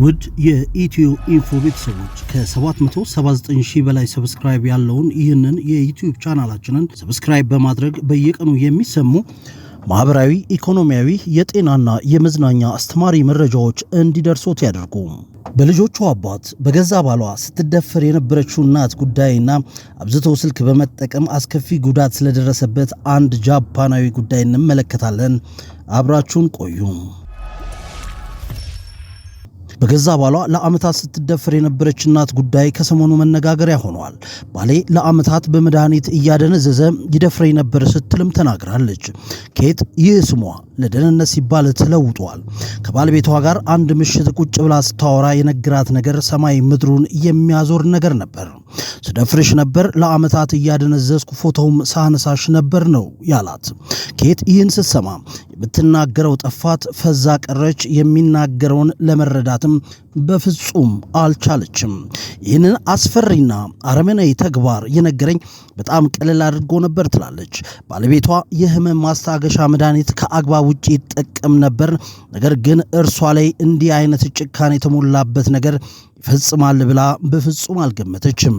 ውድ የኢትዮ ኢንፎ ቤተሰቦች ከ779 ሺህ በላይ ሰብስክራይብ ያለውን ይህንን የዩትዩብ ቻናላችንን ሰብስክራይብ በማድረግ በየቀኑ የሚሰሙ ማህበራዊ ኢኮኖሚያዊ፣ የጤናና የመዝናኛ አስተማሪ መረጃዎች እንዲደርሶት ያደርጉ። በልጆቹ አባት በገዛ ባሏ ስትደፈር የነበረችው እናት ጉዳይና አብዝቶ ስልክ በመጠቀም አስከፊ ጉዳት ስለደረሰበት አንድ ጃፓናዊ ጉዳይ እንመለከታለን። አብራችሁን ቆዩ። በገዛ ባሏ ለአመታት ስትደፈር የነበረች እናት ጉዳይ ከሰሞኑ መነጋገሪያ ሆኗል። ባሌ ለአመታት በመድኃኒት እያደነዘዘ ይደፍረኝ ነበር ስትልም ተናግራለች። ኬት ይህ ስሟ ለደህንነት ሲባል ተለውጧል። ከባለቤቷ ጋር አንድ ምሽት ቁጭ ብላ ስታወራ የነገራት ነገር ሰማይ ምድሩን የሚያዞር ነገር ነበር። ስደፍርሽ ነበር፣ ለአመታት እያደነዘዝኩ ፎቶውም ሳነሳሽ ነበር ነው ያላት። ኬት ይህን ስትሰማ ብትናገረው ጠፋት፣ ፈዛ ቀረች። የሚናገረውን ለመረዳትም በፍጹም አልቻለችም። ይህንን አስፈሪና አረመናዊ ተግባር የነገረኝ በጣም ቀለል አድርጎ ነበር ትላለች። ባለቤቷ የህመም ማስታገሻ መድኃኒት ከአግባብ ውጭ ይጠቀም ነበር። ነገር ግን እርሷ ላይ እንዲህ አይነት ጭካኔ የተሞላበት ነገር ይፈጽማል ብላ በፍጹም አልገመተችም።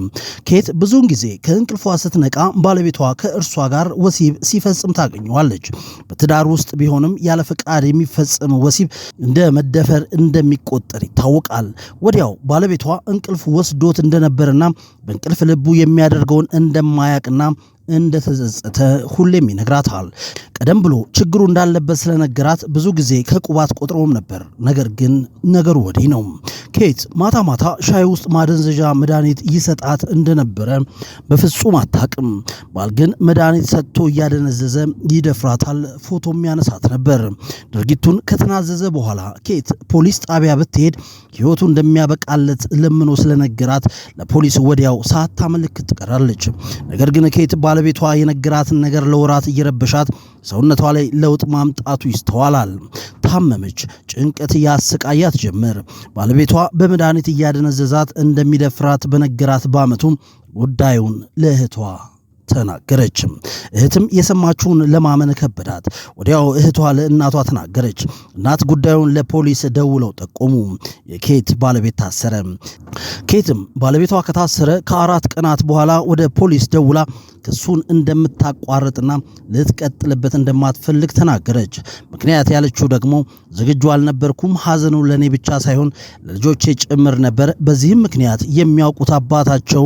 ኬት ብዙውን ጊዜ ከእንቅልፏ ስትነቃ ባለቤቷ ከእርሷ ጋር ወሲብ ሲፈጽም ታገኘዋለች። በትዳር ውስጥ ቢሆን ቢሆንም ያለ ፈቃድ የሚፈጸም ወሲብ እንደ መደፈር እንደሚቆጠር ይታወቃል። ወዲያው ባለቤቷ እንቅልፍ ወስዶት እንደነበርና በእንቅልፍ ልቡ የሚያደርገውን እንደማያቅና እንደተጸጸተ ሁሌም ይነግራታል። ቀደም ብሎ ችግሩ እንዳለበት ስለነገራት ብዙ ጊዜ ከቁባት ቆጥሮም ነበር። ነገር ግን ነገሩ ወዲህ ነው። ኬት ማታ ማታ ሻይ ውስጥ ማደንዘዣ መድኃኒት ይሰጣት እንደነበረ በፍጹም አታቅም። ባል ግን መድኃኒት ሰጥቶ እያደነዘዘ ይደፍራታል፣ ፎቶም ያነሳት ነበር። ድርጊቱን ከተናዘዘ በኋላ ኬት ፖሊስ ጣቢያ ብትሄድ ሕይወቱ እንደሚያበቃለት ለምኖ ስለነገራት ለፖሊስ ወዲያው ሳታመልክት ትቀራለች። ነገር ግን ኬት ባለቤቷ የነገራትን ነገር ለወራት እየረበሻት ሰውነቷ ላይ ለውጥ ማምጣቱ ይስተዋላል። ታመመች። ጭንቀት እያሰቃያት ጀመር። ባለቤቷ በመድኃኒት እያደነዘዛት እንደሚደፍራት በነገራት በዓመቱ ጉዳዩን ለእህቷ ተናገረች። እህትም የሰማችውን ለማመን ከበዳት። ወዲያው እህቷ ለእናቷ ተናገረች። እናት ጉዳዩን ለፖሊስ ደውለው ጠቆሙ። የኬት ባለቤት ታሰረ። ኬትም ባለቤቷ ከታሰረ ከአራት ቀናት በኋላ ወደ ፖሊስ ደውላ ክሱን እንደምታቋርጥና ልትቀጥልበት እንደማትፈልግ ተናገረች። ምክንያት ያለችው ደግሞ ዝግጁ አልነበርኩም፣ ሀዘኑ ለእኔ ብቻ ሳይሆን ለልጆቼ ጭምር ነበር። በዚህም ምክንያት የሚያውቁት አባታቸው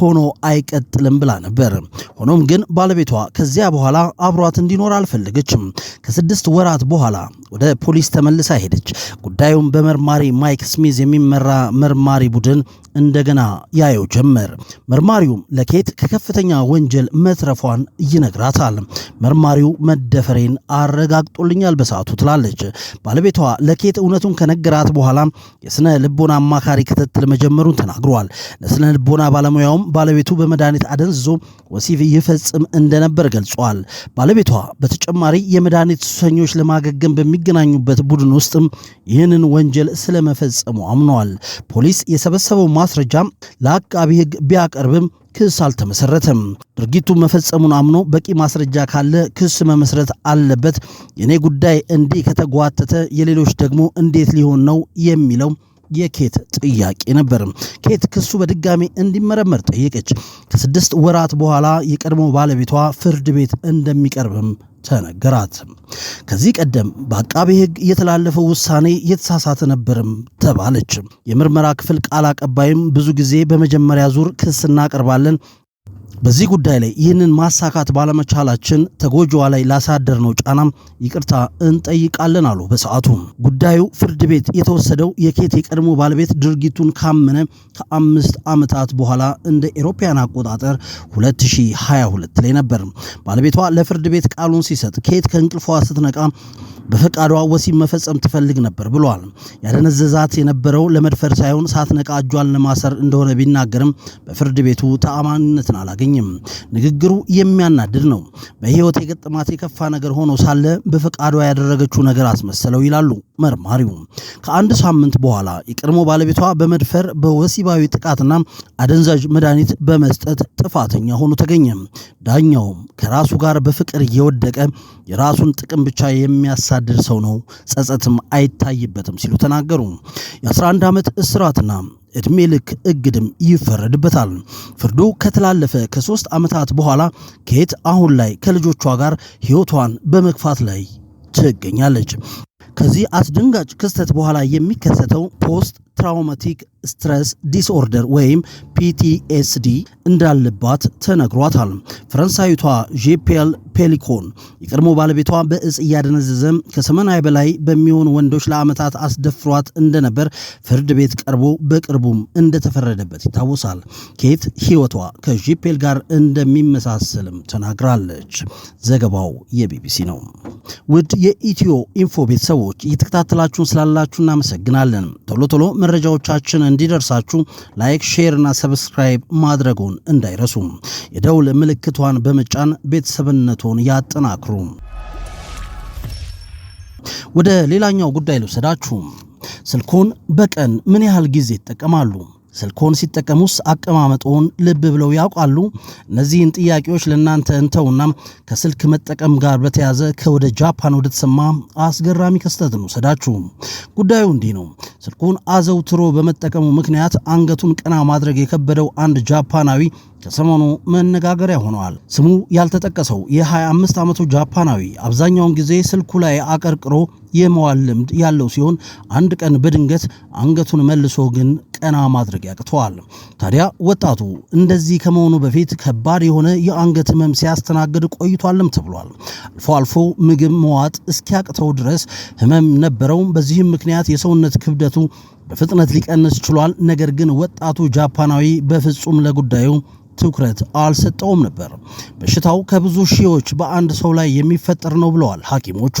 ሆኖ አይቀጥልም ብላ ነበር። ሆኖም ግን ባለቤቷ ከዚያ በኋላ አብሯት እንዲኖር አልፈለገችም። ከስድስት ወራት በኋላ ወደ ፖሊስ ተመልሳ ሄደች። ጉዳዩን በመርማሪ ማይክ ስሚዝ የሚመራ መርማሪ ቡድን እንደገና ያየው ጀመር። መርማሪውም ለኬት ከከፍተኛ ወንጀል መትረፏን ይነግራታል። መርማሪው መደፈሬን አረጋግጦልኛል በሰዓቱ ትላለች። ባለቤቷ ለኬት እውነቱን ከነገራት በኋላ የስነ ልቦና አማካሪ ክትትል መጀመሩን ተናግሯል። ለስነ ልቦና ባለሙያውም ባለቤቱ በመድኃኒት አደንዝዞ ወሲብ ይፈጽም እንደነበር ገልጿል። ባለቤቷ በተጨማሪ የመድኃኒት ሱሰኞች ለማገገም በሚገናኙበት ቡድን ውስጥም ይህንን ወንጀል ስለመፈጸሙ አምኗል። ፖሊስ የሰበሰበው ማስረጃ ለአቃቢ ሕግ ቢያቀርብም ክስ አልተመሰረተም። ድርጊቱ መፈጸሙን አምኖ በቂ ማስረጃ ካለ ክስ መመስረት አለበት። የእኔ ጉዳይ እንዲህ ከተጓተተ የሌሎች ደግሞ እንዴት ሊሆን ነው የሚለው የኬት ጥያቄ ነበር። ኬት ክሱ በድጋሚ እንዲመረመር ጠየቀች። ከስድስት ወራት በኋላ የቀድሞ ባለቤቷ ፍርድ ቤት እንደሚቀርብም ተነገራት። ከዚህ ቀደም በአቃቤ ሕግ የተላለፈው ውሳኔ የተሳሳተ ነበርም ተባለች። የምርመራ ክፍል ቃል አቀባይም ብዙ ጊዜ በመጀመሪያ ዙር ክስ እናቀርባለን በዚህ ጉዳይ ላይ ይህንን ማሳካት ባለመቻላችን ተጎጂዋ ላይ ነው ጫናም ይቅርታ እንጠይቃለን አሉ። በሰዓቱ ጉዳዩ ፍርድ ቤት የተወሰደው የኬት የቀድሞ ባለቤት ድርጊቱን ካመነ ከአምስት ዓመታት በኋላ እንደ ኤሮፓያን አቆጣጠር 2022 ላይ ነበር። ባለቤቷ ለፍርድ ቤት ቃሉን ሲሰጥ ኬት ከእንቅልፏ ስትነቃ በፈቃዷ ወሲብ መፈጸም ትፈልግ ነበር ብሏል። ያደነዘዛት የነበረው ለመድፈር ሳይሆን ሳትነቃ እጇን ለማሰር እንደሆነ ቢናገርም በፍርድ ቤቱ ተአማንነትን አላገኝ አልተገኘም። ንግግሩ የሚያናድድ ነው። በህይወት የገጠማት የከፋ ነገር ሆኖ ሳለ በፈቃዷ ያደረገችው ነገር አስመሰለው ይላሉ መርማሪው። ከአንድ ሳምንት በኋላ የቀድሞ ባለቤቷ በመድፈር በወሲባዊ ጥቃትና አደንዛዥ መድኃኒት በመስጠት ጥፋተኛ ሆኖ ተገኘ። ዳኛውም ከራሱ ጋር በፍቅር የወደቀ የራሱን ጥቅም ብቻ የሚያሳድድ ሰው ነው፣ ጸጸትም አይታይበትም ሲሉ ተናገሩ። የ11 ዓመት እስራትና እድሜ ልክ እግድም ይፈረድበታል። ፍርዱ ከተላለፈ ከሶስት ዓመታት በኋላ ኬት አሁን ላይ ከልጆቿ ጋር ሕይወቷን በመግፋት ላይ ትገኛለች። ከዚህ አስደንጋጭ ክስተት በኋላ የሚከሰተው ፖስት ትራውማቲክ ስትረስ ዲስኦርደር ወይም ፒቲኤስዲ እንዳለባት ተነግሯታል። ፈረንሳዊቷ ጄፔል ፔሊኮን የቀድሞ ባለቤቷ በእጽ እያደነዘዘ ከሰማንያ በላይ በሚሆኑ ወንዶች ለዓመታት አስደፍሯት እንደነበር ፍርድ ቤት ቀርቦ በቅርቡም እንደተፈረደበት ይታወሳል። ኬት ሕይወቷ ከጄፔል ጋር እንደሚመሳሰልም ተናግራለች። ዘገባው የቢቢሲ ነው። ውድ የኢትዮ ኢንፎ ቤተሰቦች እየተከታተላችሁን ስላላችሁ እናመሰግናለን። ቶሎ ቶሎ መረጃዎቻችን እንዲደርሳችሁ ላይክ፣ ሼር እና ሰብስክራይብ ማድረጉን እንዳይረሱ የደውል ምልክቷን በመጫን ቤተሰብነቱን ያጠናክሩ። ወደ ሌላኛው ጉዳይ ልውሰዳችሁ። ስልኮን በቀን ምን ያህል ጊዜ ይጠቀማሉ? ስልኮን ሲጠቀሙስ አቀማመጦን ልብ ብለው ያውቃሉ? እነዚህን ጥያቄዎች ለእናንተ እንተውና ከስልክ መጠቀም ጋር በተያዘ ከወደ ጃፓን ወደ ተሰማ አስገራሚ ክስተት እንውሰዳችሁ። ጉዳዩ እንዲህ ነው። ስልኩን አዘውትሮ በመጠቀሙ ምክንያት አንገቱን ቀና ማድረግ የከበደው አንድ ጃፓናዊ ከሰሞኑ መነጋገሪያ ሆኗል። ስሙ ያልተጠቀሰው የ25 ዓመቱ ጃፓናዊ አብዛኛውን ጊዜ ስልኩ ላይ አቀርቅሮ የመዋል ልምድ ያለው ሲሆን አንድ ቀን በድንገት አንገቱን መልሶ ግን ቀና ማድረግ ያቅተዋል። ታዲያ ወጣቱ እንደዚህ ከመሆኑ በፊት ከባድ የሆነ የአንገት ህመም ሲያስተናግድ ቆይቷልም ተብሏል። አልፎ አልፎ ምግብ መዋጥ እስኪያቅተው ድረስ ህመም ነበረው። በዚህም ምክንያት የሰውነት ክብደቱ በፍጥነት ሊቀንስ ችሏል። ነገር ግን ወጣቱ ጃፓናዊ በፍጹም ለጉዳዩ ትኩረት አልሰጠውም ነበር። በሽታው ከብዙ ሺዎች በአንድ ሰው ላይ የሚፈጠር ነው ብለዋል ሐኪሞቹ።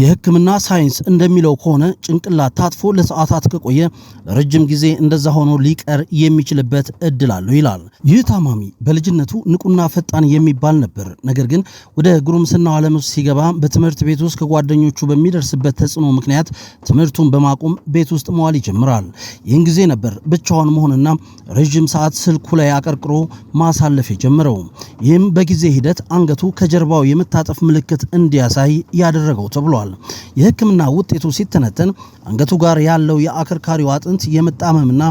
የህክምና ሳይንስ እንደሚለው ከሆነ ጭንቅላት ታጥፎ ለሰዓታት ከቆየ ለረጅም ጊዜ እንደዛ ሆኖ ሊቀር የሚችልበት እድል አለው ይላል። ይህ ታማሚ በልጅነቱ ንቁና ፈጣን የሚባል ነበር። ነገር ግን ወደ ጉርምስናው ዓለም ውስጥ ሲገባ በትምህርት ቤት ውስጥ ከጓደኞቹ በሚደርስበት ተጽዕኖ ምክንያት ትምህርቱን በማቆም ቤት ውስጥ መዋል ይጀምራል። ይህን ጊዜ ነበር ብቻውን መሆንና ረዥም ሰዓት ስልኩ ላይ አቀርቅሮ ማሳለፍ የጀመረው። ይህም በጊዜ ሂደት አንገቱ ከጀርባው የመታጠፍ ምልክት እንዲያሳይ ያደረገው ተብሏል። የሕክምና ውጤቱ ሲተነተን አንገቱ ጋር ያለው የአከርካሪው አጥንት የመጣመምና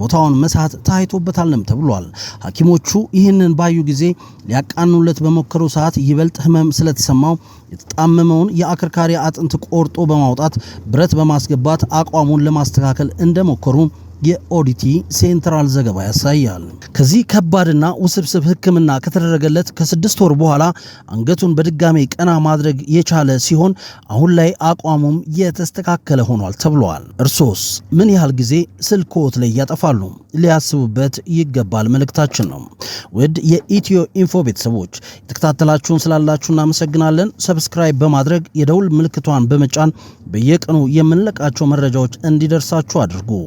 ቦታውን መሳት ታይቶበታልም ተብሏል። ሐኪሞቹ ይህንን ባዩ ጊዜ ሊያቃኑለት በሞከሩ ሰዓት ይበልጥ ህመም ስለተሰማው የተጣመመውን የአከርካሪ አጥንት ቆርጦ በማውጣት ብረት በማስገባት አቋሙን ለማስተካከል እንደሞከሩ የኦዲቲ ሴንትራል ዘገባ ያሳያል። ከዚህ ከባድና ውስብስብ ሕክምና ከተደረገለት ከስድስት ወር በኋላ አንገቱን በድጋሜ ቀና ማድረግ የቻለ ሲሆን አሁን ላይ አቋሙም የተስተካከለ ሆኗል ተብሏል። እርሶስ ምን ያህል ጊዜ ስልክዎት ላይ ያጠፋሉ? ሊያስቡበት ይገባል መልእክታችን ነው። ውድ የኢትዮ ኢንፎ ቤተሰቦች የተከታተላችሁን ስላላችሁ እናመሰግናለን። ሰብስክራይብ በማድረግ የደውል ምልክቷን በመጫን በየቀኑ የምንለቃቸው መረጃዎች እንዲደርሳችሁ አድርጉ።